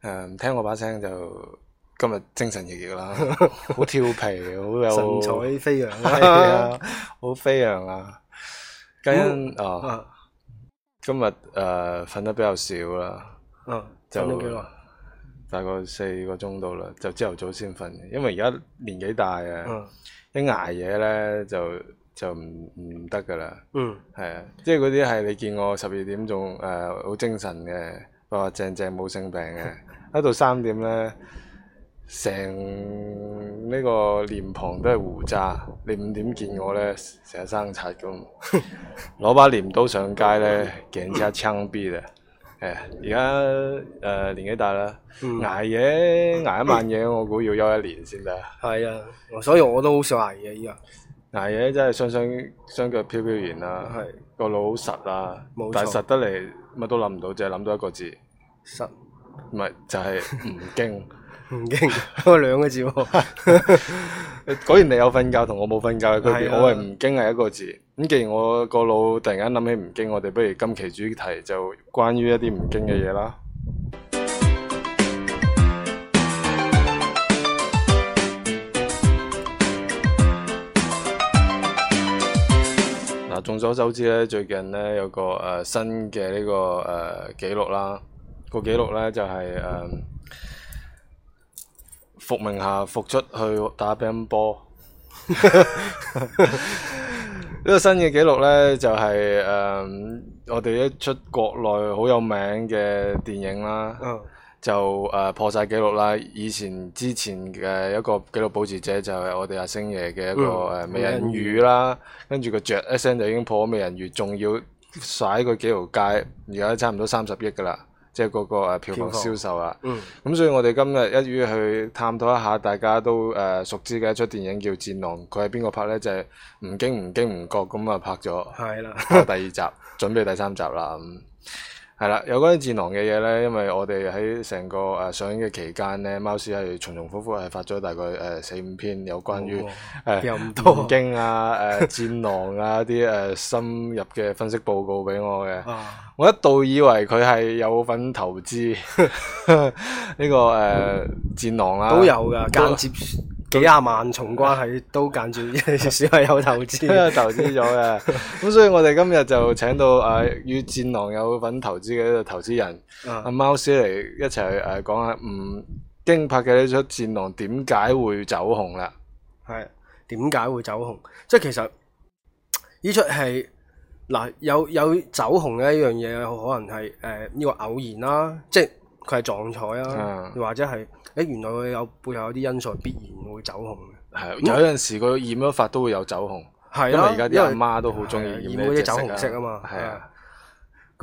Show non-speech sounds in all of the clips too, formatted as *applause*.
誒，um, 聽我把聲就今日精神奕奕啦， *laughs* 好調皮，好有神采飛揚，係啊， *laughs* 好飛揚啊！嘉欣、mm. 哦，啊、今日誒瞓得比較少啦，嗯、啊，就大概四個鐘度啦，就朝頭早先瞓，因為而家年紀大啊，一挨夜咧就就唔唔得噶啦，嗯，係、mm. 啊，即係嗰啲係你見我十二點仲誒好精神嘅，話、啊、正正冇性病嘅。 *laughs* 一到三點咧，成呢個臉龐都係胡渣。你五點見我咧，成日生鏽咁，攞 *laughs* 把鐮刀上街咧，警察槍斃啊！誒， *coughs* 而家誒年紀大啦，嗯、捱夜捱一晚嘢，我估要休一年先得。係、嗯、啊，所以我都好想捱夜依家。捱夜真係雙雙雙腳飄飄然啦、啊，個腦好實啦、啊，錯但係實得嚟乜都諗唔到，淨係諗到一個字：實。唔係，就係唔驚，唔驚 *laughs* 驚的，兩 *laughs* 個字。 *laughs* *laughs* 果然你有瞓覺同我冇瞓覺嘅區別，啊、我係唔驚係一個字。咁既然我個腦突然間諗起唔驚，我哋不如今期主題就關於一啲唔驚嘅嘢啦。嗱，眾 *music* *music* 所周知咧，最近咧有個誒、呃、新嘅呢、這個誒紀錄啦。個記錄咧就係、是、誒，復、嗯、名下復出去打乒乓波。呢 *laughs* *laughs* 個新嘅記錄咧就係、是、誒、嗯，我哋一出國內好有名嘅電影啦，oh. 就誒、呃、破晒記錄啦。以前之前嘅一個紀錄保持者就係我哋阿星爺嘅一個誒美人魚啦，oh. 跟住個著一聲就已經破美人魚，仲要甩佢幾條街，而家差唔多三十億噶啦。即係嗰個票房銷售啊，咁、嗯、所以我哋今日一於去探討一下大家都誒熟知嘅一出電影叫《戰狼》，佢係邊個拍呢？就係吳京，吳京唔覺咁啊拍咗，拍第二集， *laughs* 準備第三集啦。係啦，有關於戰狼嘅嘢咧，因為我哋喺成個誒、呃、上映嘅期間咧，貓史係重重復復係發咗大概誒、呃、四五篇有關於誒《易經、哦》呃、啊、誒、呃、戰狼啊啲誒、 *laughs* 呃、深入嘅分析報告俾我嘅。啊、我一度以為佢係有份投資呢、 *laughs* 呢個誒、呃、戰狼啦、啊，都有噶間接。幾廿萬重關係都間住，小係 *laughs* *laughs* 有投資， *laughs* 投資咗嘅。咁所以，我哋今日就請到誒、啊、與戰狼有份投資嘅呢個投資人阿貓史嚟一齊誒講下吳京拍嘅呢出戰狼點解會走紅啦？係點解會走紅？即係其實呢出戲嗱有有走紅嘅一樣嘢，可能係誒呢個偶然啦、啊，即係佢係撞彩啦、啊，是啊、或者係。哎，原來佢有背後有啲因素，必然會走紅嘅。係有陣時，佢染咗髮都會有走紅。係的因為而家啲阿媽都好中意染啲走紅色啊嘛。係啊的。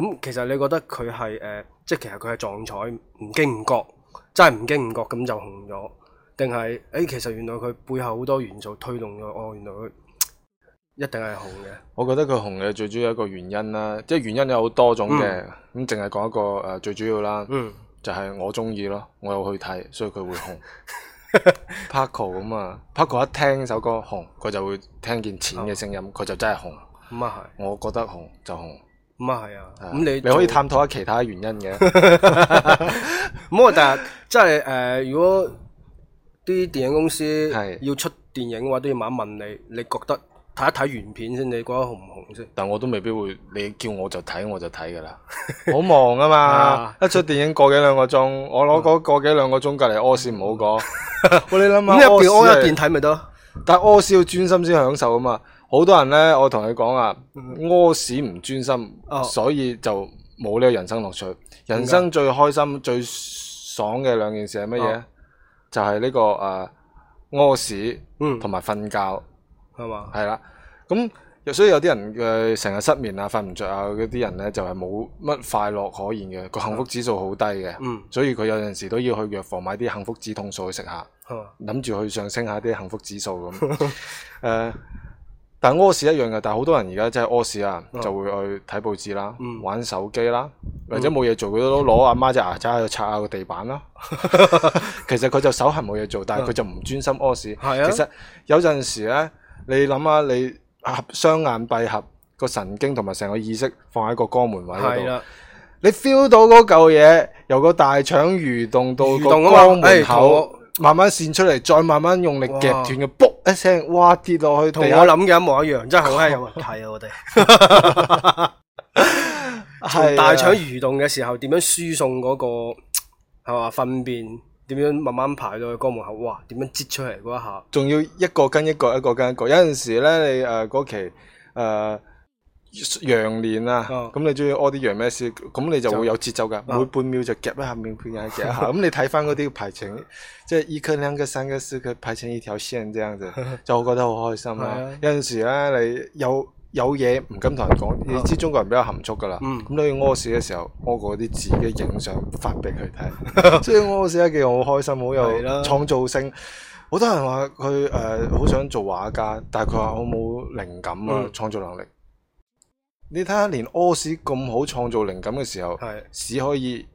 咁的、嗯、其實你覺得佢係誒，即係其實佢係撞彩，唔經唔覺，真係唔經唔覺咁就紅咗，定係誒？其實原來佢背後好多元素推動咗，哦，原來佢一定係紅嘅。我覺得佢紅嘅最主要一個原因啦，即係原因有好多種嘅，咁淨係講一個誒最主要啦。嗯。就係我中意咯，我有去睇，所以佢會紅。Paco 咁 *laughs* 啊，Paco 一聽首歌紅，佢就會聽見錢嘅聲音，佢、嗯、就真係紅。咁啊係，我覺得紅就紅。咁啊係啊，咁你你可以探討下其他原因嘅。唔好啊，但係即係誒，如果啲電影公司要出電影嘅話，都要問一問你，你覺得。睇一睇原片先，你覺得好唔好先？但我都未必會，你叫我就睇我就睇噶啦。好忙啊嘛，一出電影過幾兩個鐘，我攞嗰個幾兩個鐘隔籬屙屎唔好講。你諗下，咁一邊屙一邊睇咪得？但係屙屎要專心先享受啊嘛。好多人咧，我同你講啊，屙屎唔專心，所以就冇呢個人生樂趣。人生最開心、最爽嘅兩件事係乜嘢？就係呢個誒，屙屎同埋瞓覺。係嘛？係啦，咁又所以有啲人嘅成日失眠啊、瞓唔着啊，嗰啲人咧就係冇乜快樂可言嘅，個幸福指數好低嘅。嗯，所以佢有陣時都要去藥房買啲幸福止痛素去食下，諗住去上升下啲幸福指數咁。誒，但屙屎一樣嘅，但係好多人而家即係屙屎啊，就會去睇報紙啦、玩手機啦，或者冇嘢做佢都攞阿媽隻牙刷喺度擦下個地板啦。其實佢就手係冇嘢做，但係佢就唔專心屙屎。係啊，其實有陣時咧。你諗下，你合雙眼閉合個神經同埋成個意識放喺個肛門位度，的你 feel 到嗰嚿嘢由個大腸蠕動到個肛門口，那個、慢慢竄出嚟，再慢慢用力夾斷嘅卜哇一聲，哇跌落去同我諗嘅一模一樣，真係好閪有問題啊！我哋從大腸蠕動嘅時候點樣輸送嗰、那個係嘛糞便？是點樣慢慢排到去江門口，哇！點樣擠出嚟嗰一下，仲要一個跟一個，一個跟一個。有陣時咧，你誒嗰、呃、期誒羊、呃、年啊，咁、uh, 嗯、你中意屙啲羊咩屎，咁你就會有節奏噶，uh, 每半秒就夾一下，面，半秒夾一下。咁、 *laughs* 嗯、你睇翻嗰啲排程，即係 *laughs* 一個兩個三個四個排成一條線，這樣子就我覺得好開心啊。有陣時咧，你有。你有有嘢唔敢同人講，你知中國人比較含蓄噶啦。咁你去屙屎嘅時候，屙過啲自己嘅影相發俾佢睇， *laughs* 所以屙屎其實好開心，好有創造性。好的多人話佢誒好想做畫家，但係佢話我冇靈感啊，嗯、創造能力。你睇下，連屙屎咁好創造靈感嘅時候，屎的可以誒、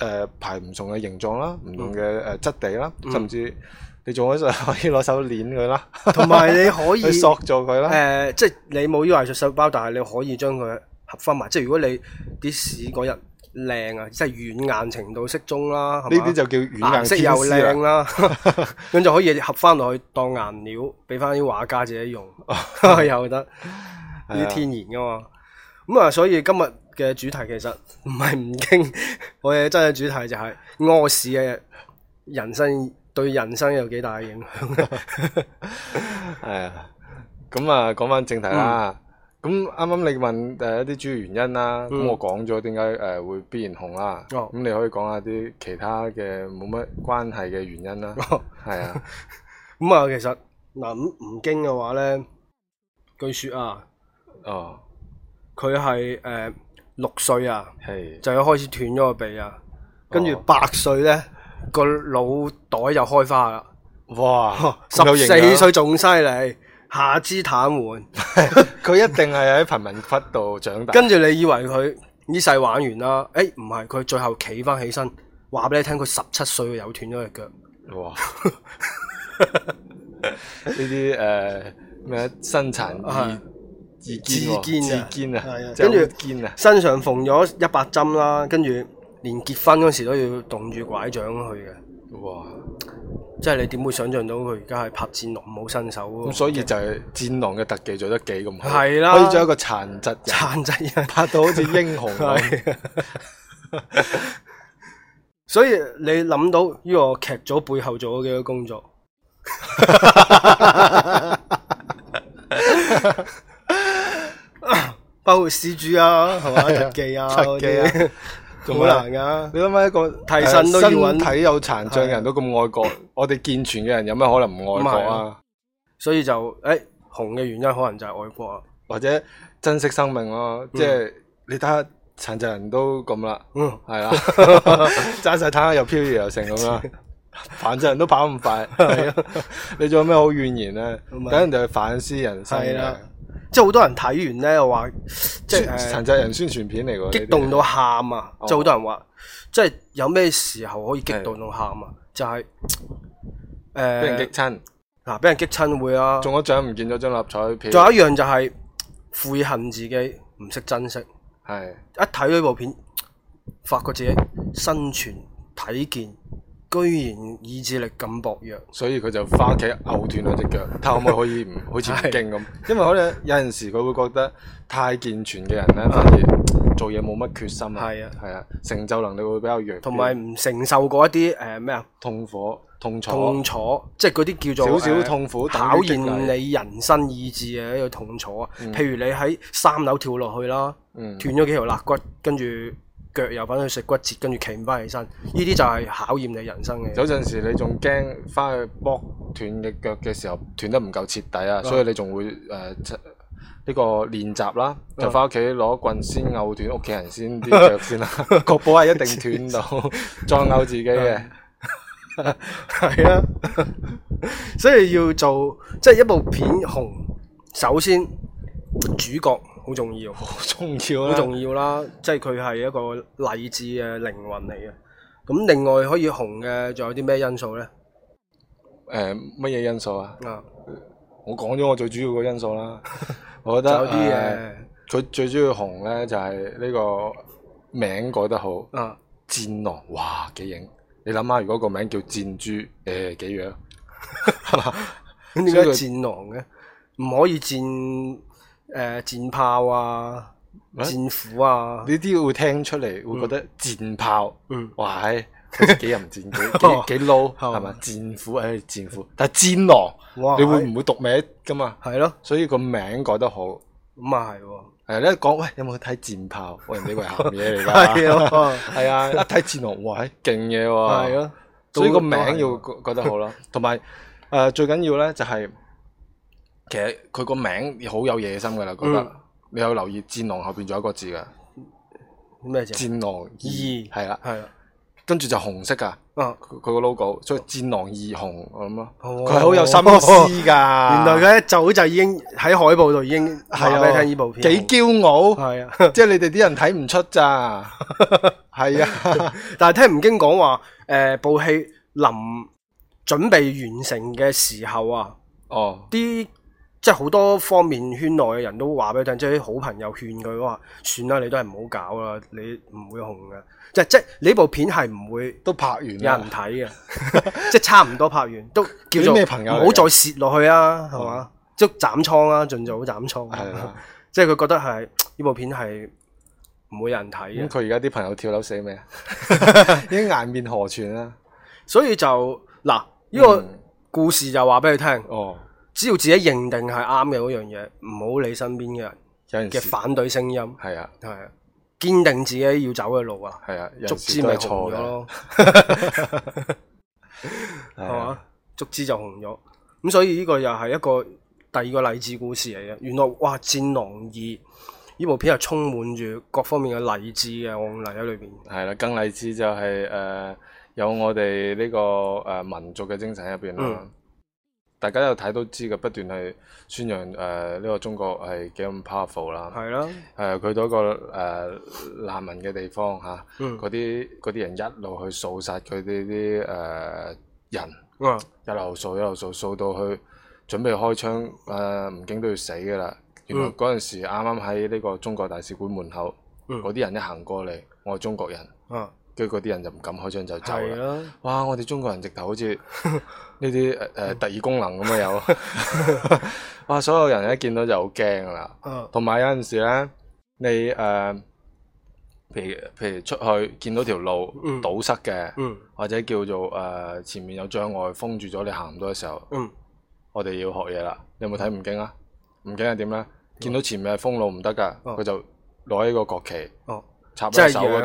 呃、排唔同嘅形狀啦，唔同嘅誒質地啦，甚至。你仲可以攞手捏佢啦，同埋你可以塑造佢啦。誒， *laughs* 即係、呃就是、你冇呢個藝術細胞，但係你可以將佢合翻埋。即係如果你啲屎嗰日靚啊，即係軟硬程度適中啦，係呢啲就叫軟硬色又靚啦。咁 *laughs* 就可以合翻落去當顏料，俾翻啲畫家自己用， *laughs* 又得啲 *laughs* 天然噶嘛。咁是啊，所以今日嘅主題其實唔係唔傾，我哋真嘅主題就係屙屎嘅人生。對人生有幾大影響？係啊，咁啊，講翻正題啦。咁啱啱你問誒、呃、一啲主要原因啦、啊，咁、嗯、我講咗點解誒會必然紅啦、啊。哦，咁你可以講下啲其他嘅冇乜關係嘅原因啦。係啊，咁、哦、啊， *laughs* 啊，其實嗱，吳京嘅話咧，據說啊，哦，佢係誒六歲啊，係，就要開始斷咗個鼻啊，跟住八歲咧。嗯個腦袋又開花啦！哇，十四歲仲犀利，啊、下肢癱瘓，佢一定係喺貧民窟度長大。跟住你以為佢呢世玩完啦？誒、哎，唔係，佢最後企翻起身，話俾你聽，佢十七歲又斷咗隻腳。 *laughs* 哇！呢啲誒咩？Uh, 志堅啊、身殘志志堅，志堅啊！跟住堅啊，身上縫咗一百針啦，跟住。連結婚嗰時都要棟住拐杖去嘅，哇！即係你點會想象到佢而家係拍戰狼冇伸手？咁所以就係戰狼嘅特技做得幾咁好？係啦，可以將一個殘疾殘疾人拍到好似英雄咁。 *laughs* 嗯、對 *laughs* 所以你諗到呢個劇組背後做咗幾多工作？ *laughs* 包括 CG 啊，係嘛特技啊。仲好難噶，你諗下一個替身都要揾，身體有殘障嘅人都咁愛國，我哋健全嘅人有咩可能唔愛國啊？所以就，誒，紅嘅原因可能就係愛國，或者珍惜生命咯。即係你睇下，殘疾人都咁啦，係啊，揸晒下又飄移又成咁樣，殘疾人都跑咁快，你仲有咩好怨言咧？等人哋去反思人生啦。即係好多人睇完咧，又話即係殘疾人宣傳片嚟喎，激動到喊啊！哦、即係好多人話，嗯、即係有咩時候可以激動到喊啊？就係誒，俾人激親嗱，俾、啊、人激親會啊！中咗獎唔見咗張立彩票，仲有一樣就係、是、悔恨自己唔識珍惜。係的一睇呢部片，發覺自己生存體健。居然意志力咁薄弱，所以佢就翻屋企，拗斷啊隻腳。睇可唔可以唔好似唔勁咁？因為可能有陣時佢會覺得太健全嘅人咧，反而做嘢冇乜決心啊，係啊，成就能力會比較弱，同埋唔承受過一啲誒咩啊痛苦。痛楚，痛楚即係嗰啲叫做少少痛苦考驗你人生意志嘅一個痛楚啊。譬如你喺三樓跳落去啦，斷咗幾條肋骨，跟住。腳又翻去食骨折，跟住企唔翻起身，呢啲就係考驗你人生嘅。有陣時你仲驚翻去剝斷隻腳嘅時候，斷，的的時候斷得唔夠徹底啊，嗯、所以你仲會誒呢、呃這個練習啦，就翻屋企攞棍先拗斷屋企人先啲腳先啦。確保係一定斷到，再拗自己嘅。係啊，所以要做即係、就是、一部片紅，首先主角。好重要，好重要，好重要啦， *laughs* 即係佢係一個勵志嘅靈魂嚟嘅。咁另外可以紅嘅，仲有啲咩因素咧？誒、呃，乜嘢因素啊？啊，我講咗我最主要嘅因素啦。 *laughs* 我覺得有啲嘢，佢、呃、最主要紅咧就係呢個名改得好。啊，戰狼哇幾型！你諗下，如果個名叫戰豬，誒幾樣？點解 *laughs* *laughs* 什麼 *laughs* 戰狼嘅？唔可以戰？誒，戰炮啊，戰斧啊，呢啲會聽出嚟，會覺得戰炮，哇係，幾人戰斧，幾撈，係咪？戰斧誒，戰斧，但係戰狼，你會唔會讀名噶嘛？係咯，所以個名改得好，咁啊係喎。你一講喂，有冇去睇戰炮？喂，人哋為咸嘢嚟噶，係啊，一睇戰狼，哇係，勁嘅喎，係咯，所以個名要改得好咯。同埋誒，最緊要咧就係。其實佢個名好有野心噶啦，覺得你有留意《戰狼》後邊仲有一個字噶，咩字？《戰狼二》係啦，係啦，跟住就紅色噶，佢個 logo，所以《戰狼二紅》我諗咯。佢好有心思噶，原來佢一早就已經喺海報度已經，係啊，你睇呢部片幾驕傲，係啊，即係你哋啲人睇唔出咋，係啊。但係聽吳京講話，誒，部戲臨準備完成嘅時候啊，哦，啲。即係好多方面圈內嘅人都話俾佢聽，即係啲好朋友勸佢話：算啦，你都係唔好搞啦，你唔會紅㗎。即係即係呢部片係唔會都拍完，有人睇嘅，即係差唔多拍完都叫做唔好再蝕落去啊，係嘛、嗯？即係斬倉啦、啊，盡早斬倉。係、 *laughs* 嗯、 *laughs* 即係佢覺得係呢部片係唔會有人睇，咁佢而家啲朋友跳樓死咩？已經顏面何存啦？所以就嗱呢個故事就話俾佢聽哦。嗯嗯只要自己認定係啱嘅嗰樣嘢，唔好理身邊嘅人嘅反對聲音。係啊，係啊，堅定自己要走嘅路啊。係捉枝啊，足之咪紅咗咯，係嘛？足之就紅咗。咁所以呢個又係一個第二個勵志故事嚟嘅。原來哇，《戰狼二》呢部片係充滿住各方面嘅勵志嘅，案例喺裏邊。係啦，更勵志就係誒、呃、有我哋呢個誒民族嘅精神入邊啦。嗯大家有睇都知嘅，不斷係宣揚誒呢個中國係幾咁 powerful 啦。係咯的。誒、呃，去到一個誒難、呃、民嘅地方嚇，嗰啲啲人一路去掃殺佢哋啲誒人，啊、一路掃一路掃，掃到去準備開槍，誒吳京都要死㗎啦。原來嗰陣時啱啱喺呢個中國大使館門口，嗰啲、嗯嗯、人一行過嚟，我係中國人。跟嗰啲人就唔敢開槍就走啦。是啊、哇！我哋中國人直頭好似呢啲誒誒特異功能咁啊有， *laughs* 哇！所有人一見到就好驚噶啦。同埋、啊、有陣時咧，你誒，譬、呃、譬如，如出去見到條路堵塞嘅，嗯、或者叫做誒、呃、前面有障礙封住咗，你行唔到嘅時候，嗯、我哋要學嘢啦。你有冇睇吳京啊？吳京係點咧？見到前面係封路唔得噶，佢、嗯、就攞起個國旗。啊。即一手嗰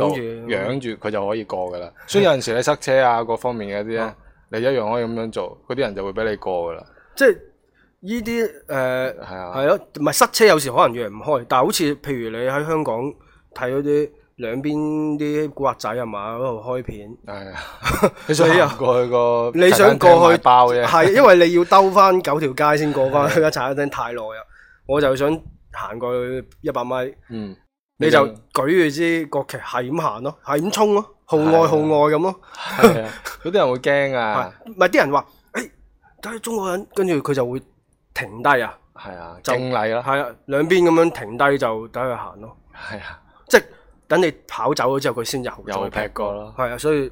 養住佢就可以過噶啦。所以有陣時你塞車啊，各方面嘅啲咧，你一樣可以咁樣做，嗰啲、啊、人就會俾你過噶啦。即係呢啲誒，係啊，係咯、啊，唔係塞車有時可能約唔開，但係好似譬如你喺香港睇嗰啲兩邊啲古惑仔啊嘛，嗰度開片，係啊、哎呀， *laughs* 你想過去個，你想過去爆嘅，係因為你要兜翻九條街先過翻，而家踩一燈太耐啦。我就想行過去一百米，嗯。你就舉住支國旗，係咁行咯，係咁衝咯，號外號外咁咯。有啲人會驚啊！咪啲人話，誒，睇下中國人，跟住佢就會停低啊。係啊，敬禮啦。係啊，兩邊咁樣停低就等佢行咯。係啊，即係等你跑走咗之後，佢先入。又劈過咯。係啊，所以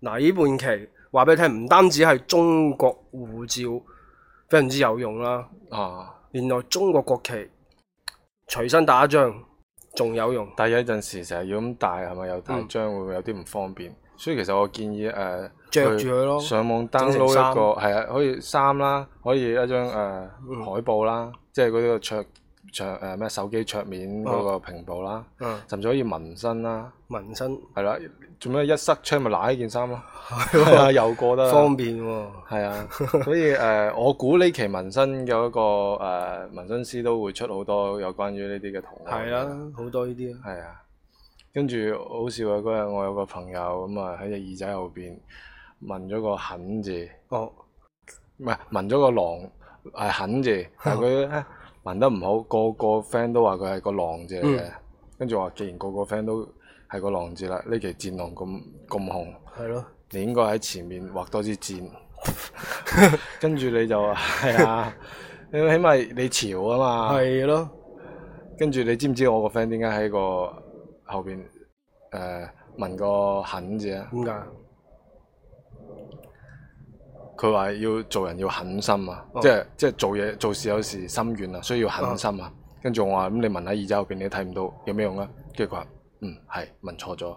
嗱，呢半期話俾你聽，唔單止係中國護照非常之有用啦。啊，原來中國國旗隨身打一仲有用，但係有陣時成日要咁帶係咪？又帶張會唔會有啲唔方便？所以其實我建議誒，呃、著住佢咯。上網 download 一個，係啊，可以衫啦，可以一張誒、呃嗯、海報啦，即係嗰個桌桌誒咩手機桌面嗰個屏保啦，嗯、甚至可以紋身啦，紋身係啦。做咩一塞窗咪揦一件衫咯，又過得方便喎，係啊，所以誒，我估呢期紋身嘅一個誒，紋身師都會出好多有關於呢啲嘅圖案，係啊，好多呢啲，係啊，跟住好笑啊。嗰日，我有個朋友咁啊喺隻耳仔後邊紋咗個狠字，哦，唔係紋咗個狼係狠字，但佢紋得唔好，個個 friend 都話佢係個狼字，跟住話，既然個個 friend 都。係個狼字啦，呢期戰狼咁咁紅，的你應該喺前面畫多支箭。 *laughs* *laughs* 跟住你就話係啊， *laughs* 你起碼你潮啊嘛。係咯的，跟住你知唔知我個 friend 點解喺個後邊誒問個狠字啊？點解、嗯？佢話要做人要狠心啊，嗯、即係即係做嘢做事有時心軟啊，需要狠心啊。嗯、跟住我話咁你問喺耳仔後邊，你睇唔到有咩用啊？跟住佢話。嗯，係問錯咗，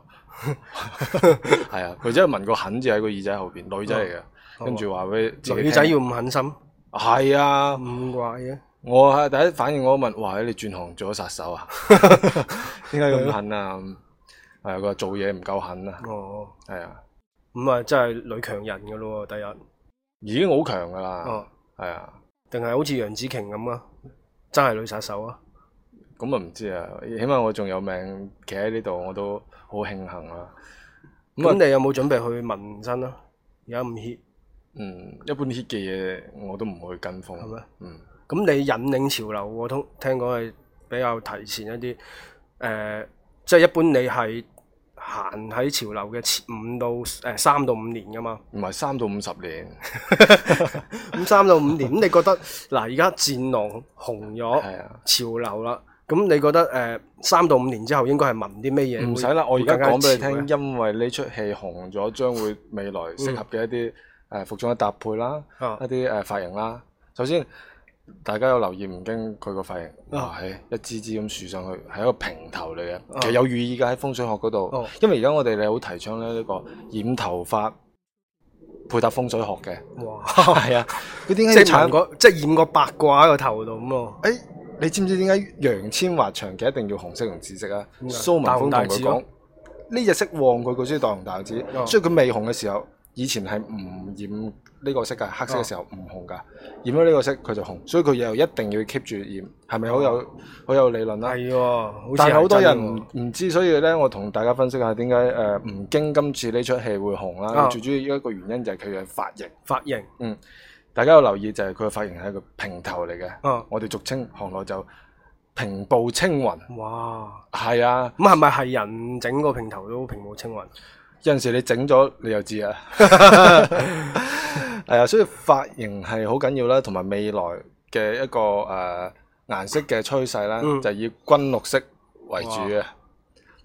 係 *laughs* *laughs* 啊，佢真係問個狠字喺個耳仔後邊，女仔嚟嘅，跟住話佢女仔要唔狠心，係啊，唔、啊、怪嘅。我係第一反應，我問，哇，你轉行做咗殺手啊？點解要狠啊？係、嗯、啊，佢話做嘢唔夠狠啊。哦，係啊，咁啊、嗯，真係女強人噶咯，第一已經好強噶啦。哦，係啊，定係好似楊紫瓊咁啊？真係女殺手啊！咁啊，唔知啊，起碼我仲有命企喺呢度，我都好慶幸啦。咁你有冇準備去紋身啊？而家唔 hit，嗯，一般 hit 嘅嘢我都唔會跟風。係咩嗎？嗯，咁你引領潮流，我通聽講係比較提前一啲。誒、呃，即、就、係、是、一般你係行喺潮流嘅前五到誒三到五年噶嘛？唔係三到五十年。咁三 *laughs* 到五年，咁你覺得嗱？而家戰狼紅咗，啊、潮流啦。咁你覺得誒三、呃、到五年之後應該係問啲咩嘢？唔使啦，我而家講俾你聽，因為呢出戲紅咗，將會未來適合嘅一啲誒服裝嘅搭配啦， *laughs* 嗯、一啲誒髮型啦。呃啊啊、首先，大家有留意唔驚佢個髮型啊？係、哦、一支支咁豎上去，係一個平頭嚟嘅，啊啊、其實有寓意嘅喺風水學嗰度。因為而家我哋你好提倡咧呢個染頭髮配搭風水學嘅，哇，係哇是啊，佢點解即係染個八卦喺個頭度咁咯？欸你知唔知點解楊千嬅長期一定要紅色同紫色啊？嗯、蘇文峰同佢講：呢、啊、隻色旺佢，佢中意大紅大紫，哦、所以佢未紅嘅時候，以前係唔染呢個色嘅，黑色嘅時候唔紅噶，哦、染咗呢個色佢就紅。所以佢又一定要 keep 住染，係咪好有好、哦、有理論啦？係喎、嗯，但係好多人唔知，所以咧我同大家分析下點解誒吳京今次呢出戲會紅啦、啊啊？最主要一個原因就係佢嘅髮型，髮型嗯。大家要留意就係佢嘅髮型係一個平頭嚟嘅，啊、我哋俗稱行內就平步青雲。哇！係啊，咁係咪係人整個平頭都平步青雲？有陣時你整咗你又知啊。係啊，所以髮型係好緊要啦，同埋未來嘅一個誒、呃、顏色嘅趨勢啦，就以軍綠色為主啊。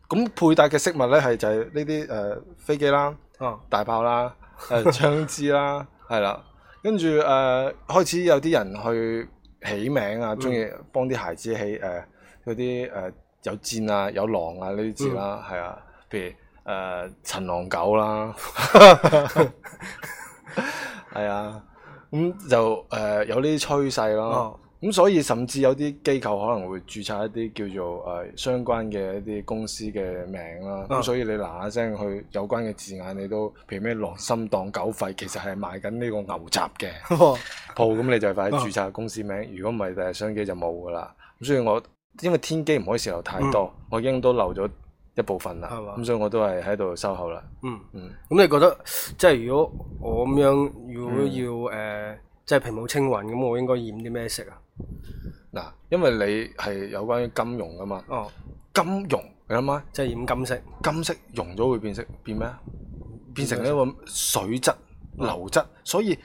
咁配戴嘅飾物咧係就係呢啲誒飛機啦、大炮啦、誒槍支啦，係啦。跟住誒、呃、開始有啲人去起名啊，中意幫啲孩子起誒嗰啲誒有戰啊、有狼啊呢啲字啦，係啊，譬、嗯啊、如誒、呃、陳狼狗啦，係 *laughs* *laughs* 啊，咁就誒、呃、有呢啲趨勢咯。嗯。咁、嗯、所以甚至有啲機構可能會註冊一啲叫做誒、uh, 相關嘅一啲公司嘅名啦。咁、啊、所以你嗱嗱聲去有關嘅字眼，你都譬如咩狼心當狗肺，其實係賣緊呢個牛雜嘅鋪。咁、uh, 嗯、你就快啲註冊公司名。如果唔係，第日商機就冇噶啦。咁所以我因為天機唔可以泄露太多，嗯、我已經都留咗一部分啦。咁所以我都係喺度收口啦。嗯嗯。咁、嗯、你覺得即係如果我咁樣，如果要誒？要要要要即係屏幕清雲咁，我應該染啲咩色啊？嗱，因為你係有關於金融噶嘛。哦，金融你諗下，即係染金色。金色溶咗會變色，變咩啊？變成一個水質、嗯、流質。所以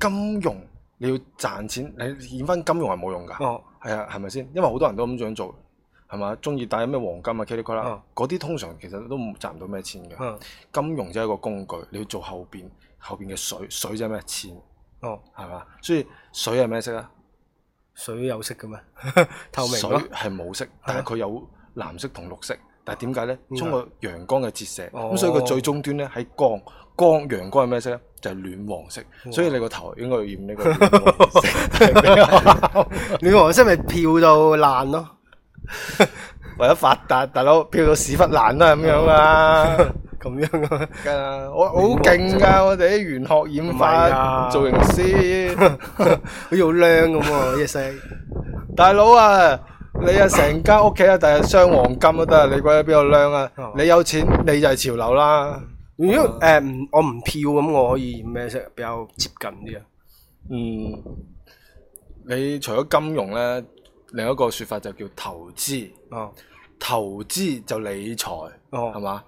金融你要賺錢，你染翻金融係冇用㗎。哦，係啊，係咪先？因為好多人都咁樣做，係嘛？中意帶咩黃金啊、K 金啊嗰啲，iko, 嗯、通常其實都唔賺唔到咩錢嘅。嗯、金融就係一個工具，你要做後邊後邊嘅水水就係咩錢？係嘛、哦？所以水係咩色啊？水有色嘅咩？ *laughs* 透明的水係冇色，嗎但係佢有藍色同綠色。但係點解咧？通嗎過陽光嘅折射，咁、哦嗯、所以佢最終端咧喺光光。陽光係咩色咧？就係、是、暖黃色。哦、所以你個頭應該要染呢個暖黃色，暖黃色咪漂到爛咯。為 *laughs* 咗發達，大佬漂到屎忽爛啦，咁樣啦。咁樣噶，我好勁噶，我哋啲玄學染髮造型師，佢要靚噶喎，啲 *laughs* 色。喔、yes, *laughs* 大佬啊，你啊成間屋企啊，第日鑲黃金都得。啊。你覺得邊度靚啊？你有錢你就係潮流啦。如果誒唔、uh, 呃、我唔漂咁，我可以染咩色比較接近啲啊？嗯， *laughs* 你除咗金融咧，另一個說法就叫投資。哦、oh.，投資就理財，係嘛？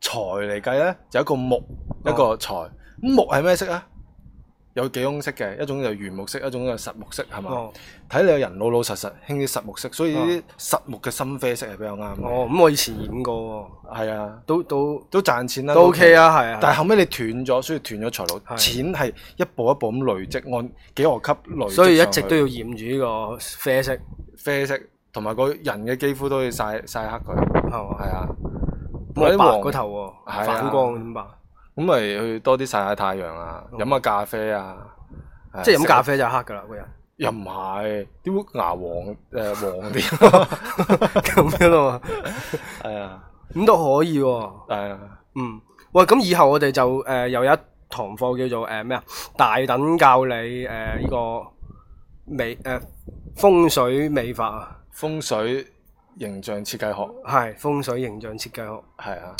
財嚟計咧，就一個木，一個財。哦、木係咩色啊？有幾種色嘅，一種就原木色，一種就實木色，係嘛？睇、哦、你個人老老實實，興啲實木色，所以呢啲實木嘅深啡色係比較啱。哦，咁、嗯、我以前染過，係啊，都都都賺錢啦，都 OK 啊，係啊。但係後尾你斷咗，所以斷咗財路。的錢係一步一步咁累積，按幾何級累積。所以一直都要染住呢個啡色，啡色同埋個人嘅肌膚都要曬曬黑佢，係嘛？係啊。唔係白嗰頭喎、啊，啊、反光點辦？咁咪去多啲曬下太陽啊，飲下、嗯、咖啡啊，啊即係飲咖啡個就黑噶啦，個人、嗯。又唔係啲牙黃誒、呃、黃啲咁樣咯，係啊，咁都、 *laughs* *laughs* *laughs* 啊、 *laughs* 可以喎。係啊，啊嗯，喂，咁以後我哋就誒又、呃、有一堂課叫做誒咩啊大躉教你誒呢、呃這個美誒、呃、風水美髮啊，風水。形象設計學係風水形象設計學係啊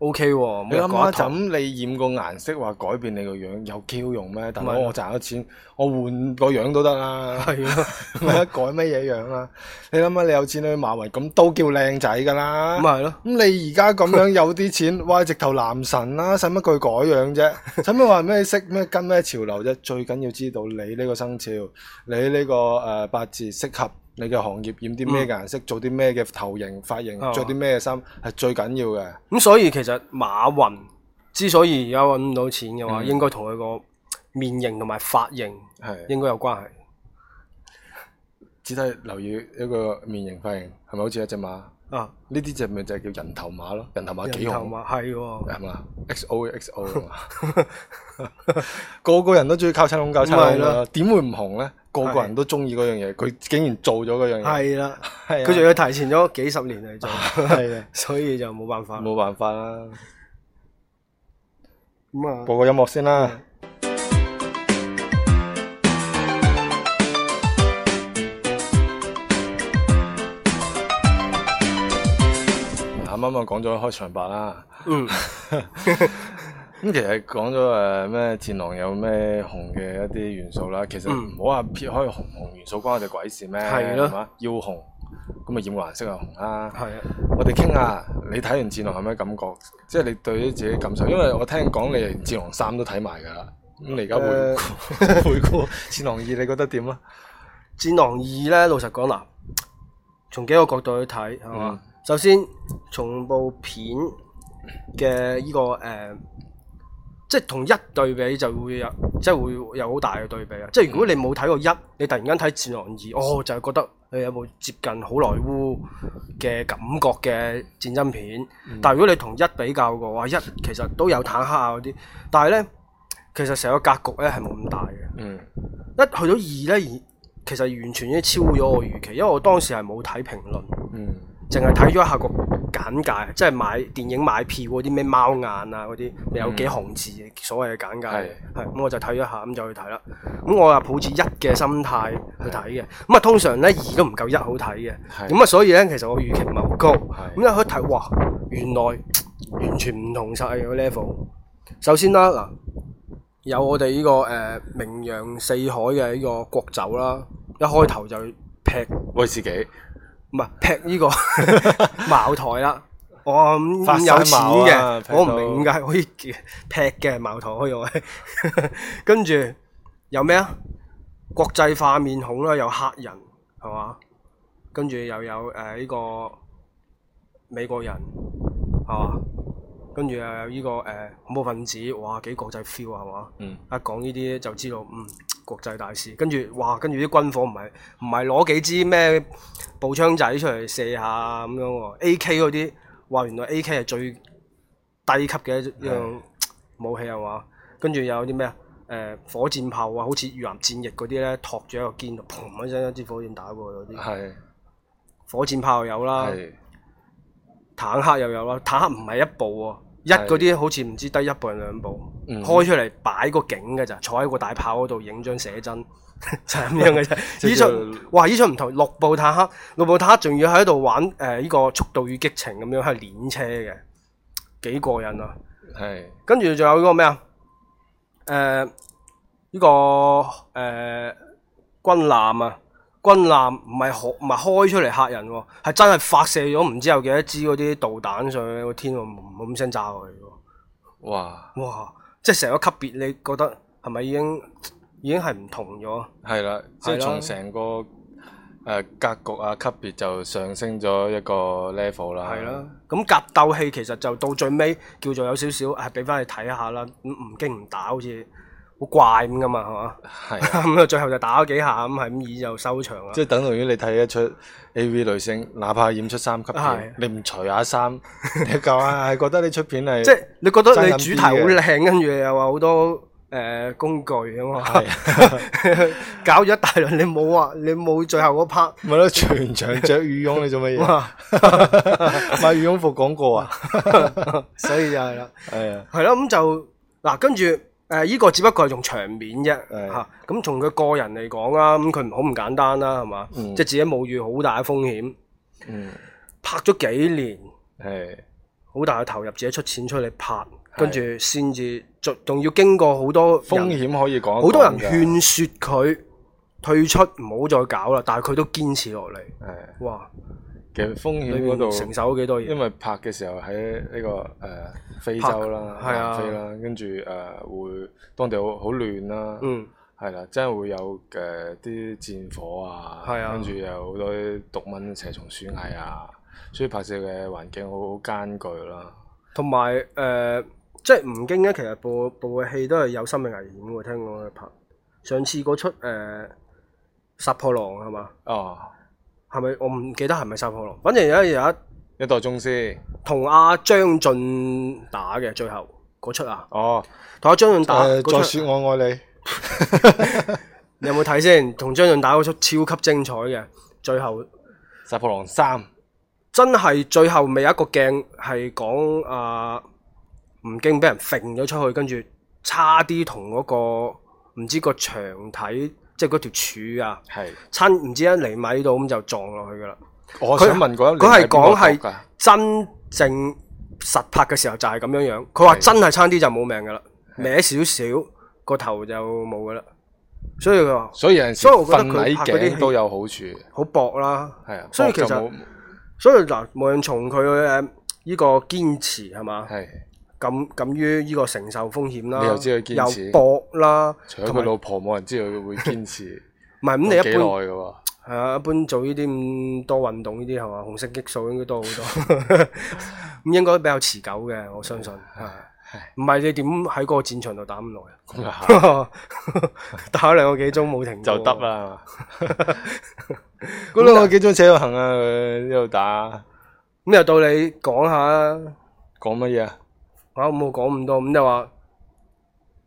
，O K 喎。Okay 啊，你諗下，咁你染個顏色話改變你個樣有 Q 用咩？大佬我、啊、我賺咗錢，我換個樣都得啦。係啊，咪、啊、 *laughs* 改咩嘢樣啊？你諗下，你有錢你去馬雲咁都叫靚仔噶啦。咁咪係咯。咁你而家咁樣有啲錢， *laughs* 哇！直頭男神啦、啊，使乜佢改樣啫、啊？使乜話咩識咩跟咩潮流啫？最緊要知道你呢個生肖，你呢個誒八字適合。你嘅行業染啲咩顏色，做啲咩嘅頭型、髮型，着啲咩衫，係最緊要嘅。咁、嗯、所以其實馬雲之所以而家搵唔到錢嘅話，嗯、應該同佢個面型同埋髮型係應該有關係。只睇留意一個面型髮型，係咪好似一隻馬？啊！呢啲隻咪就係叫人頭馬咯，人頭馬幾紅？係係嘛，XO XO 係嘛，個個人都中意靠山窿教，山窿啦，點會唔紅咧？個個人都中意嗰樣嘢，佢竟然做咗嗰樣嘢，係啦，佢仲要提前咗幾十年嚟做， *laughs* 所以就冇辦法，冇辦法啦。咁 *laughs* 啊，播個音樂先啦。啱啱講咗開場白啦，咁其實講咗誒咩戰狼有咩紅嘅一啲元素啦，嗯、其實唔好話撇開紅紅元素關我隻鬼事咩，係咯，要紅咁咪染個顏色又紅啦，的我哋傾下你睇完戰狼係咩感覺，即、就、係、是、你對於自己感受，因為我聽講你連戰狼三都睇埋㗎啦，咁、嗯、你而家回顧回顧戰狼二，你覺得點啊？戰狼二咧，老實講嗱，從幾個角度去睇係嘛？首先，從部片嘅呢、這個誒、呃，即係同一對比就會有，即係會有好大嘅對比啊！嗯、即係如果你冇睇過一，你突然間睇戰狼二，哦，就係、是、覺得你有冇接近好萊塢嘅感覺嘅戰爭片。嗯、但係如果你同一比較嘅話，一其實都有坦克啊嗰啲，但係呢，其實成個格局呢係冇咁大嘅。嗯，一去到二呢，二其實完全已經超咗我預期，因為我當時係冇睇評論。嗯。淨係睇咗一下個簡介，即係買電影買票嗰啲咩貓眼啊嗰啲，你有幾行字、嗯、所謂嘅簡介，係咁是我就睇咗下，咁就去睇啦。咁我又抱住一嘅心態去睇嘅，咁啊是的 通常咧二都唔夠一好睇嘅，咁啊是的 所以咧其實我預期唔係好高。咁一開睇哇，原來完全唔同晒個 level。首先啦、啊，嗱，有我哋呢、呢個誒名揚四海嘅呢個國酒啦，一開頭就劈威士忌。唔係劈呢個 *laughs* 茅台啦了，哇、 *laughs* 嗯啊、有錢嘅，到我唔明點解可以劈嘅茅台可以用，跟 *laughs* 住有咩啊？國際化面孔啦，有黑人係嘛，跟住又有誒呢、呃這個美國人係嘛。跟住啊，呢、這個誒恐怖分子，哇幾國際 feel 啊，係嘛、嗯？一講呢啲就知道，嗯國際大事。跟住哇，跟住啲軍火唔係唔係攞幾支咩步槍仔出嚟射下咁樣喎？AK 嗰啲，哇原來 AK 係最低級嘅一種武器係嘛？跟住是有啲咩啊？誒、呃、火箭炮啊，好似越南戰役嗰啲咧，托住一個肩度，砰一聲一支火箭打過去嗰啲。係是火箭炮有啦。是坦克又有啦，坦克唔係一部喎、啊，是的 一嗰啲好似唔知得一部定兩部，嗯、哼 開出嚟擺個景嘅咋，坐喺個大炮嗰度影張寫真 *laughs* 就咁樣嘅啫。呢 *laughs* 出 *laughs* 哇，呢出唔同六部坦克，六部坦克仲要喺度玩誒呢、呃這個速度與激情咁樣喺度練車嘅，幾過癮啊！係，是的 跟住仲有呢個咩啊？誒、呃，呢、這個誒、呃呃、軍艦啊！軍艦唔係開唔係開出嚟嚇人喎、啊，係真係發射咗唔知有幾多支嗰啲導彈上去個、啊、天，冇冇五聲炸落去喎。哇！哇！即係成個級別，你覺得係咪已經已經係唔同咗？係啦、啊，即係從成個誒格局，啊，級別就上升咗一個 level 啦。係啦、啊。咁格鬥戲其實就到最尾叫做有少少係俾翻你睇下啦，唔唔驚唔打好似。好怪咁噶嘛，係嘛？係咁啊！最後就打咗幾下，咁係咁以就收場啦。即係等同於你睇一出 AV 女星，哪怕演出三級片，你唔除下衫，你夠啊？係覺得呢出片係即係你覺得你主題好靚，跟住又話好多誒工具啊嘛，搞咗一大輪，你冇啊？你冇最後嗰 part 咪咯？全場着羽絨你做乜嘢？買羽絨服廣告啊！所以就係啦，係啊，係咯咁就嗱，跟住。誒依、呃這個只不過係從場面啫嚇，咁、啊嗯嗯嗯、從佢個人嚟講啦，咁佢唔好唔簡單啦、啊，係嘛？即係自己冒住好大嘅風險，嗯嗯、拍咗幾年，係好是大嘅投入，自己出錢出嚟拍，跟住先至仲仲要經過好多風險可以講，好多人勸説佢退出，唔好再搞啦，但係佢都堅持落嚟，是哇！其實風險嗰度，承受幾多嘢，因為拍嘅時候喺呢、這個誒、呃、非洲啦，南拍、呃、非啦，是啊、跟住誒、呃、會當地好好亂啦，係啦、嗯啊，真係會有誒啲、呃、戰火啊，是啊，跟住有好多啲毒蚊、蛇、蟲、鼠、蟻啊，嗯、所以拍攝嘅環境好艱巨啦。同埋誒，即係吳京咧，其實部部嘅戲都係有生命危險，我聽講佢拍上次嗰出誒《殺、呃、破狼》係嘛？哦。係咪？我唔記得係咪《殺破狼》？反正有一有一代宗師同阿張晉打嘅，最後嗰出啊。哦，同阿張晉打。誒、呃，再出說我愛你。 *laughs* *laughs* 你有冇睇先？同張晉打嗰出超級精彩嘅，最後。殺破狼三真係最後，咪有一個鏡係講阿吳京俾人揈咗出去，跟住差啲同嗰個唔知個長體。即係嗰條柱啊，係的，差唔知一厘米度咁就撞落去噶啦。我想問，佢佢係講，係真正實拍嘅時候就係咁樣樣。佢話的真係差啲就冇命噶啦，的歪少少個頭就冇噶啦。所以佢話，所以所以我覺得佢拍啲都有好處，好薄啦。的所以其實，所以嗱，無論從佢誒呢個堅持係嘛？敢敢於呢個承受風險啦，又搏啦，除咗佢老婆冇人知道佢會堅持。唔係咁，你一般幾耐嘅喎？係啊，一般做呢啲咁多運動，呢啲係嘛？雄性激素應該多好多，咁應該比較持久嘅，我相信。係唔係你點喺個戰場度打咁耐？打兩個幾鐘冇停就得啦。嗰兩個幾鐘扯都行啊！呢度打咁又到你講下啦，講乜嘢啊？啊嗯、我冇講咁多，咁就話、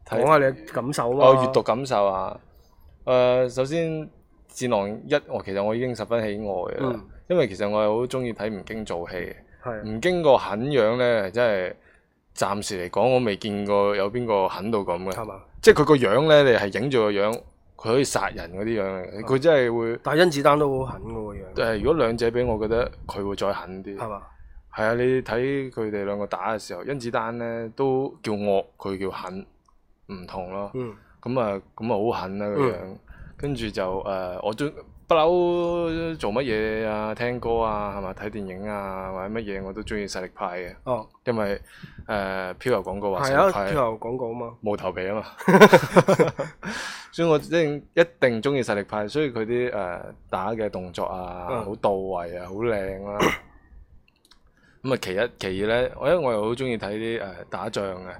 是、講的下你感受咯。哦，閱讀感受啊。誒、呃，首先《戰狼一》我其實我已經十分喜愛嘅，嗯、因為其實我係好中意睇吳京做戲嘅。係的。吳京個狠樣咧，真係暫時嚟講我未見過有邊個狠到咁嘅。係嘛吧？即係佢個樣咧，你係影住個樣，佢可以殺人嗰啲樣，佢的真係會。但係甄子丹都好狠嘅個樣。但係如果兩者比，我覺得佢會再狠啲。係嘛的？的係啊，你睇佢哋兩個打嘅時候，甄子丹咧都叫惡，佢叫狠，唔同咯。嗯。咁啊，咁啊，好狠啊！佢樣、嗯、跟住就誒、呃，我中不嬲做乜嘢啊？聽歌啊，係嘛？睇電影啊，或者乜嘢我都中意實力派嘅。哦。因為誒，漂、呃、流廣告話實力派，係啊，漂流廣告啊嘛。冇頭皮啊嘛。 *laughs* 所以我一定一定中意實力派，所以佢啲誒打嘅動作啊，好到位啊，好靚啊。 *coughs* 咁啊，其一其二咧，我因為我又好中意睇啲誒打仗嘅，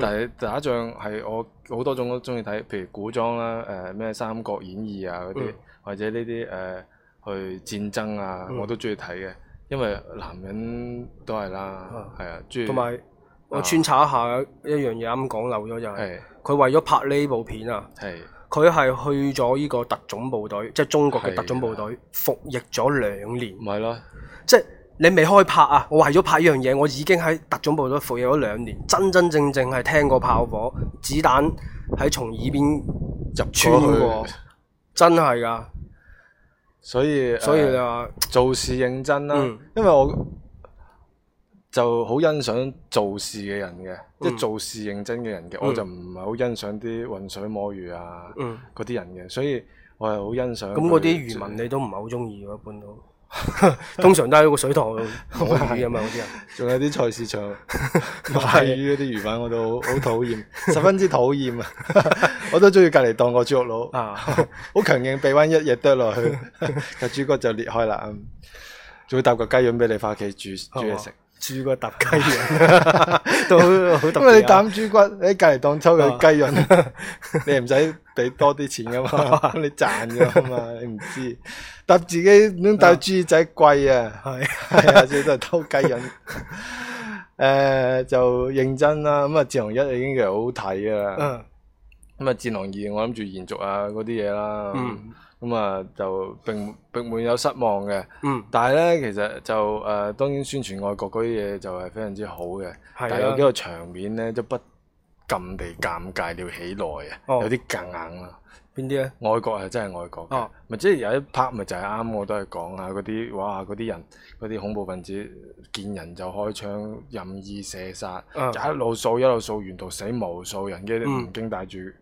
但係打仗係我好多種都中意睇，譬如古裝啦，誒咩《三國演義》啊嗰啲，或者呢啲誒去戰爭啊，我都中意睇嘅，因為男人都係啦，係啊，同埋我穿插一下一樣嘢，啱講漏咗就係佢為咗拍呢部片啊，佢係去咗呢個特種部隊，即係中國嘅特種部隊，服役咗兩年，咪啦，即係。你未開拍啊？我為咗拍呢樣嘢，我已經喺特種部隊服役咗兩年，真真正正係聽過炮火、子彈喺從耳邊入穿去去真係噶。所以所以你話做事認真啦、啊，嗯、因為我就好欣賞做事嘅人嘅，嗯、即係做事認真嘅人嘅，嗯、我就唔係好欣賞啲渾水摸魚啊嗰啲、嗯、人嘅，所以我係好欣賞。咁嗰啲漁民你都唔係好中意嘅，一般都。 *laughs* 通常都係一個水塘，買魚咁樣啲人仲有啲菜市場賣 *laughs* 是魚嗰啲魚販，我都好討厭，十分之討厭。 *laughs* 我都中意隔籬當個豬肉佬，好強勁臂彎， *laughs* 一嘢剁落去，個豬骨就裂開啦。仲會搭個雞潤俾你翻屋企煮煮嘢食，豬骨吧搭雞潤 *laughs* 都好。啊、因為你斬豬骨你隔籬當抽嘅雞潤，你唔使俾多啲錢噶嘛， *laughs* 嘛，你賺噶嘛，你唔知。搭自己拎袋豬仔貴啊，係係啊，最多偷雞人。誒，就認真啦，咁啊《戰狼一》已經係好睇噶啦。嗯。咁啊《戰狼二》，我諗住延續啊嗰啲嘢啦。嗯。咁啊，就並並冇有失望嘅。嗯。但係咧，其實就誒，當然宣傳愛國嗰啲嘢就係非常之好嘅。但係有幾個場面咧，都不禁地尷尬了起來啊！有啲夾硬啦。邊啲咧？外國係真係外國嘅，咪、啊、即係有一 part 咪就係啱我都係講下嗰啲，哇嗰啲人嗰啲恐怖分子見人就開槍，任意射殺，啊、一路掃一路掃，一路掃，沿途死無數人，跟住啲武警帶住啲、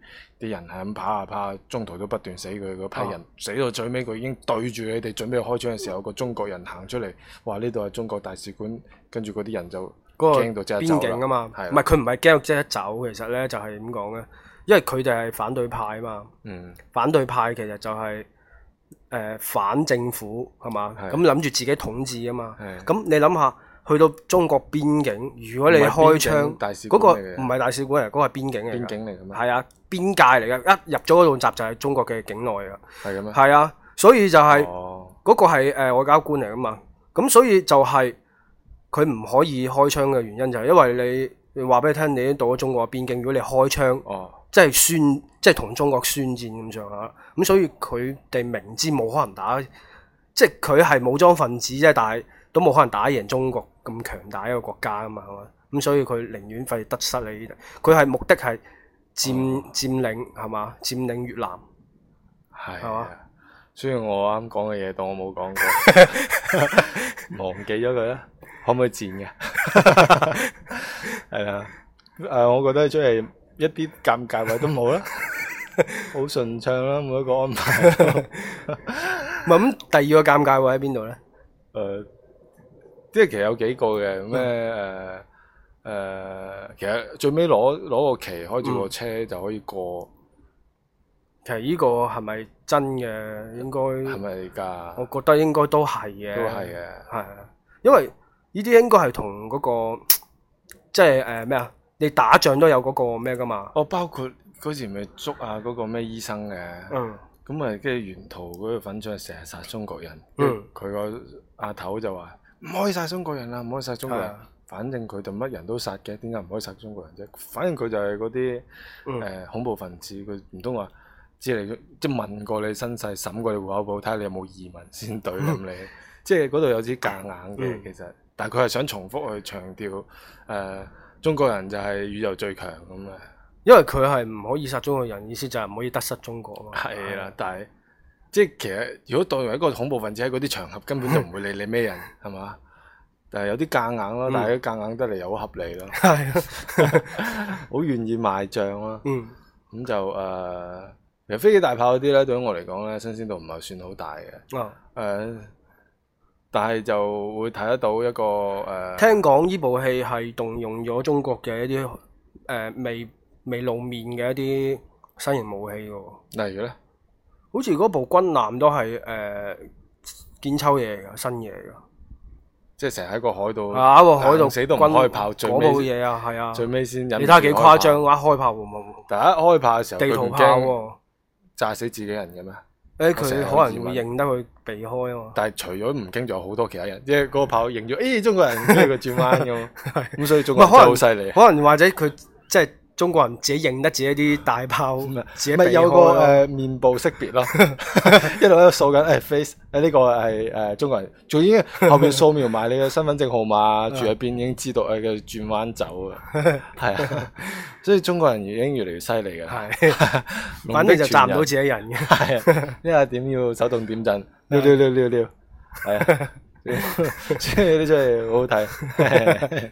嗯、人係咁跑下跑下，中途都不斷死佢嗰批人，死到最尾佢已經對住你哋準備開槍嘅時候，個中國人行出嚟，話呢度係中國大使館，跟住嗰啲人就驚到即係走。邊境啊嘛，唔係佢唔係驚即係走，其實咧就係點講咧？因為佢哋係反對派啊嘛，嗯、反對派其實就係、是、誒、呃、反政府係嘛，咁諗住自己統治啊嘛，咁的你諗下去到中國邊境，如果你開槍，嗰個唔係大使館嚟，嗰個係邊境嚟，邊境嚟嘅，係啊，邊界嚟嘅，一入咗嗰棟閘就係中國嘅境內啊，係咁啊，係啊，所以就係、是、嗰、哦、個係誒、呃、外交官嚟噶嘛，咁所以就係佢唔可以開槍嘅原因就係因為你話俾你聽，你已經到咗中國邊境，如果你開槍，哦。嗯嗯即係宣，即係同中國宣戰咁上下，咁、嗯、所以佢哋明知冇可能打，即係佢係武裝分子啫，但係都冇可能打贏中國咁強大一個國家啊嘛。咁、嗯、所以佢寧願費得失喺呢度。佢係目的係佔佔領，係嘛？佔、嗯、領越南，係嘛？所以、啊、我啱講嘅嘢，當我冇講過， *laughs* *laughs* 忘記咗佢啦。可唔可以剪嘅？係 *laughs* 啦、啊，誒、呃，我覺得即係。一啲尷尬位都冇啦，好順暢啦，每一個安排。唔係咁，第二個尷尬位喺邊度咧？誒，即係其實有幾個嘅咩誒誒，其實最尾攞攞個旗開住個車就可以過。其實依個係咪真嘅？應該係咪㗎？我覺得應該都係嘅。都係嘅。係啊，因為依啲應該係同嗰個即係誒咩啊？你打仗都有嗰個咩㗎嘛？哦，包括嗰時咪捉啊嗰個咩醫生嘅，咁啊，跟住沿途嗰個粉腸係成日殺中國人，佢個阿頭就話唔可以殺中國人啦，唔可以殺中國人，反正佢就乜人都殺嘅，點解唔可以殺中國人啫？反正佢就係嗰啲誒恐怖分子，佢唔通話之類，即係問過你身世，審過你戶口簿，睇下你有冇移民先懟你，即係嗰度有啲夾硬嘅其實，但係佢係想重複去強調誒。中國人就係宇宙最強咁啊！因為佢係唔可以殺中國人，意思就係唔可以得失中國咯。係啦、啊，吧但係即係其實如果當為一個恐怖分子喺嗰啲場合，根本就唔會理你咩人係嘛？ *laughs* 但係有啲夾硬咯，嗯、但係夾硬得嚟又好合理咯，好、嗯、 *laughs* *laughs* 願意賣帳咯。嗯，咁就誒其實飛機大炮嗰啲咧，對於我嚟講咧，新鮮度唔係算好大嘅。啊、嗯，嗯但係就會睇得到一個誒。呃、聽講呢部戲係動用咗中國嘅一啲誒、呃、未未露面嘅一啲新型武器嘅。例如咧，好似嗰部《軍艦》都係誒堅抽嘢嘅新嘢嚟嘅，即係成日喺個海度，啊，一個海度，死都唔開炮。嗰部嘢啊，係啊。最尾先。你睇下幾誇張嘅話、啊，開炮會唔會？但係一開炮嘅時候，地圖炮、啊、炸死自己人嘅咩？誒，佢、欸、可能會認得佢避開啊嘛，但係除咗吳京仲有好多其他人，即係嗰個跑認，認咗，誒，中國人，咩個轉彎咁，咁 *laughs* 的所以中國唔可能好犀利，可能或者佢即係。中國人自己認得自己啲大炮，咪有個誒、呃、面部識別咯， *laughs* 一路喺度掃緊誒 face，誒呢個係誒、呃、中國人，仲要後邊掃描埋你嘅身份證號碼， *laughs* 住喺邊已經知道誒佢轉彎走啊，係 *laughs* 啊，所以中國人已經越嚟越犀利嘅，係、 *laughs* 啊，反正就站唔到自己人嘅 *laughs* ，係、啊，一下點要手動點陣，溜溜溜溜溜，係啊，真係真係好好睇。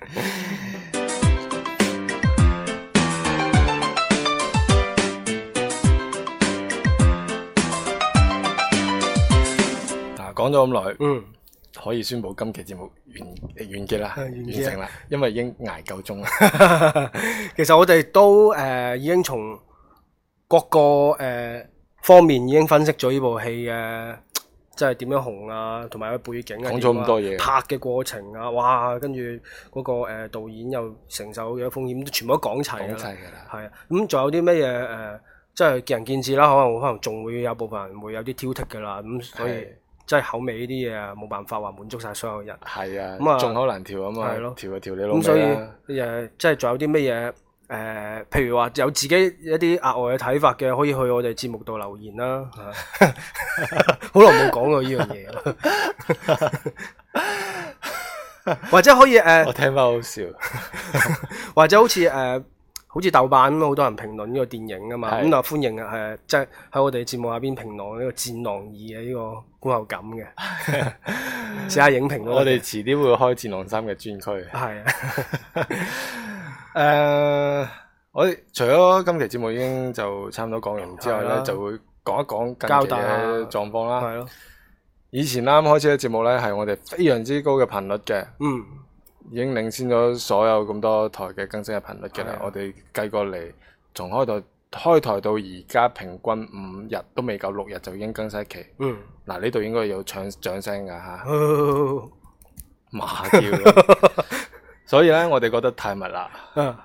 講咗咁耐，嗯，可以宣布今期節目完完結啦，完成啦，因為已經挨夠鐘啦。 *laughs* 其實我哋都誒、呃、已經從各個誒、呃、方面已經分析咗呢部戲嘅、呃，即係點樣紅啊，同埋個背景啊，講咗咁多嘢，拍嘅過程啊，哇，跟住嗰個誒、呃、導演又承受咗風險，全部都講齊啦，係啊，咁仲有啲乜嘢誒，即係見仁見智啦，可能可能仲會有部分人會有啲挑剔噶啦，咁所以。即係口味呢啲嘢啊，冇辦法話滿足晒所有人。係啊，咁啊、嗯，眾口難調啊嘛，調的就調你老味啦。咁所以，誒、嗯，即係仲有啲乜嘢？誒、呃，譬如話有自己一啲額外嘅睇法嘅，可以去我哋節目度留言啦。好耐冇講過呢樣嘢， *laughs* *laughs* 或者可以誒，呃、我聽翻好笑， *laughs* 或者好似誒。呃好似豆瓣咁，好多人評論呢個電影㗎嘛，咁的、嗯、啊歡迎啊，係即係喺我哋節目下邊評論呢個《戰狼二》嘅呢個觀後感嘅，試下影評咯。我哋遲啲會開《戰狼三》嘅專區。係啊。誒，我哋除咗今期節目已經就差唔多講完之外咧，的就會講一講近期嘅狀況啦。係咯、啊。以前啱開始嘅節目咧，係我哋非常之高嘅頻率嘅。嗯。已經領先咗所有咁多台嘅更新嘅頻率嘅啦，是啊、我哋計過嚟，從開台開台到而家平均五日都未夠六日就已經更新一期。嗱，呢度應該要唱掌聲噶吓，馬、啊哦、叫， *laughs* 所以咧，我哋覺得太密啦，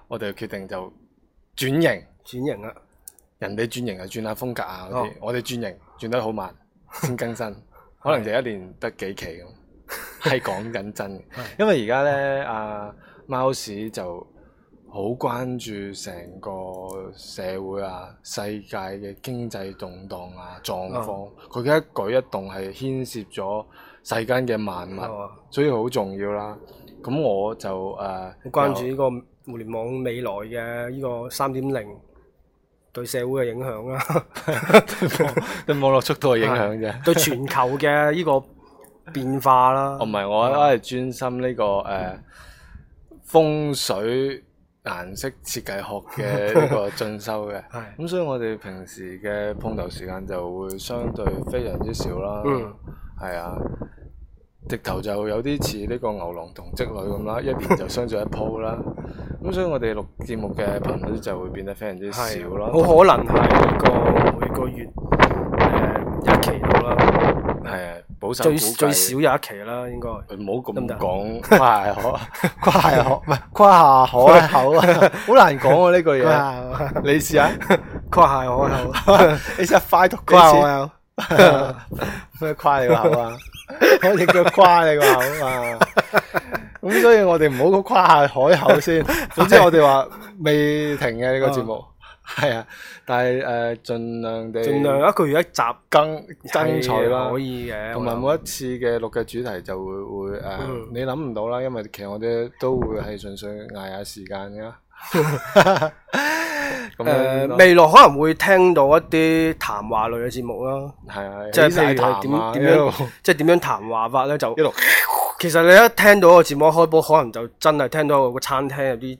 *laughs* 我哋決定就轉型，轉型啊，人哋轉型啊，轉下風格啊嗰啲，哦、我哋轉型轉得好慢，先更新， *laughs* 可能就一年得幾期咁。係講緊真，因為而家咧，阿貓屎就好關注成個社會啊、世界嘅經濟動盪啊狀況。佢嘅、嗯、一舉一動係牽涉咗世間嘅萬物，嗯、所以好重要啦。咁我就誒、啊、關注呢個互聯網未來嘅呢個三點零對社會嘅影響啦、啊， *laughs* *laughs* 對網絡速度嘅影響啫，對全球嘅呢、呢個。變化啦！唔係、哦，我我係專心呢、這個誒、呃、風水顏色設計學嘅一個進修嘅。係咁，所以我哋平時嘅碰頭時間就會相對非常之少啦。嗯，係啊，直頭就有啲似呢個牛郎同織女咁啦，一年就相對一鋪啦。咁所以我哋錄節目嘅頻率就會變得非常之少啦。好可能係個每個月。最最少有一期啦，應該唔好咁講，跨河、跨河唔係跨下海口啊。好難講啊呢句嘢。你試下跨下海口，你試下「快讀句口」。咩？跨你個口啊！我隻腳跨你個口啊！咁所以我哋唔好跨下海口先。總之我哋話未停嘅呢個節目。係啊，但係誒，盡量地，盡量一個月一集更精彩啦，可以嘅。同埋每一次嘅錄嘅主題就會會誒，你諗唔到啦，因為其實我哋都會係純粹挨下時間嘅。咁樣未來可能會聽到一啲談話類嘅節目啦，係啊，即係大談啊，點樣即係點樣談話法咧？就一路，其實你一聽到個節目開播，可能就真係聽到個餐廳有啲。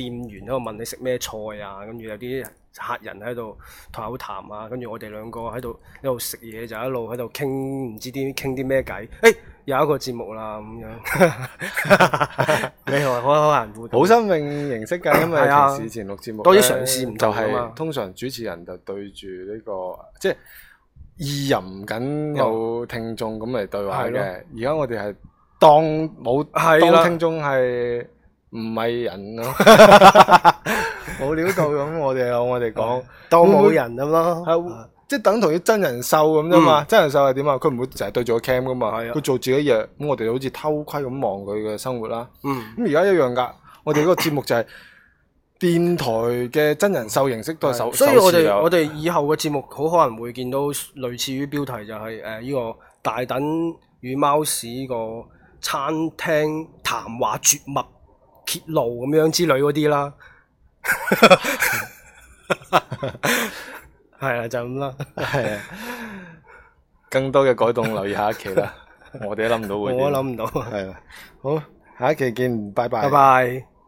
店員喺度問你食咩菜啊，跟住有啲客人喺度同口談啊，跟住我哋兩個喺度一路食嘢就一路喺度傾唔知啲傾啲咩偈，誒有、欸、一個節目啦咁、哎、樣， *laughs* *laughs* 你好可口咸乎，好生命形式噶，因為前錄節目多啲嘗試就係、是、通常主持人就對住呢、這個即係意淫緊有聽眾咁嚟對話嘅，而家、嗯、我哋係當冇係當聽眾係。唔係人咯，冇料到咁。我哋我哋講當冇人咁咯，吧吧即係等同於真人秀咁啫嘛。嗯、真人秀係點啊？佢唔會成日對住個 cam 噶嘛。佢是、啊、做自己嘢，咁我哋好似偷窺咁望佢嘅生活啦。咁而家一樣噶，我哋個節目就係電台嘅真人秀形式都係首。所以我哋我哋以後嘅節目好可能會見到類似於標題就係，誒呢個大躉與貓史個餐廳談話絕密。鐵路咁樣之類嗰啲啦，係 *laughs* *laughs* *laughs* 啊，就咁、是、啦，係 *laughs* 啊，更多嘅改動留意下一期啦，我哋都諗唔到會，我都諗唔到，係啊，好，下一期見，拜拜，拜拜。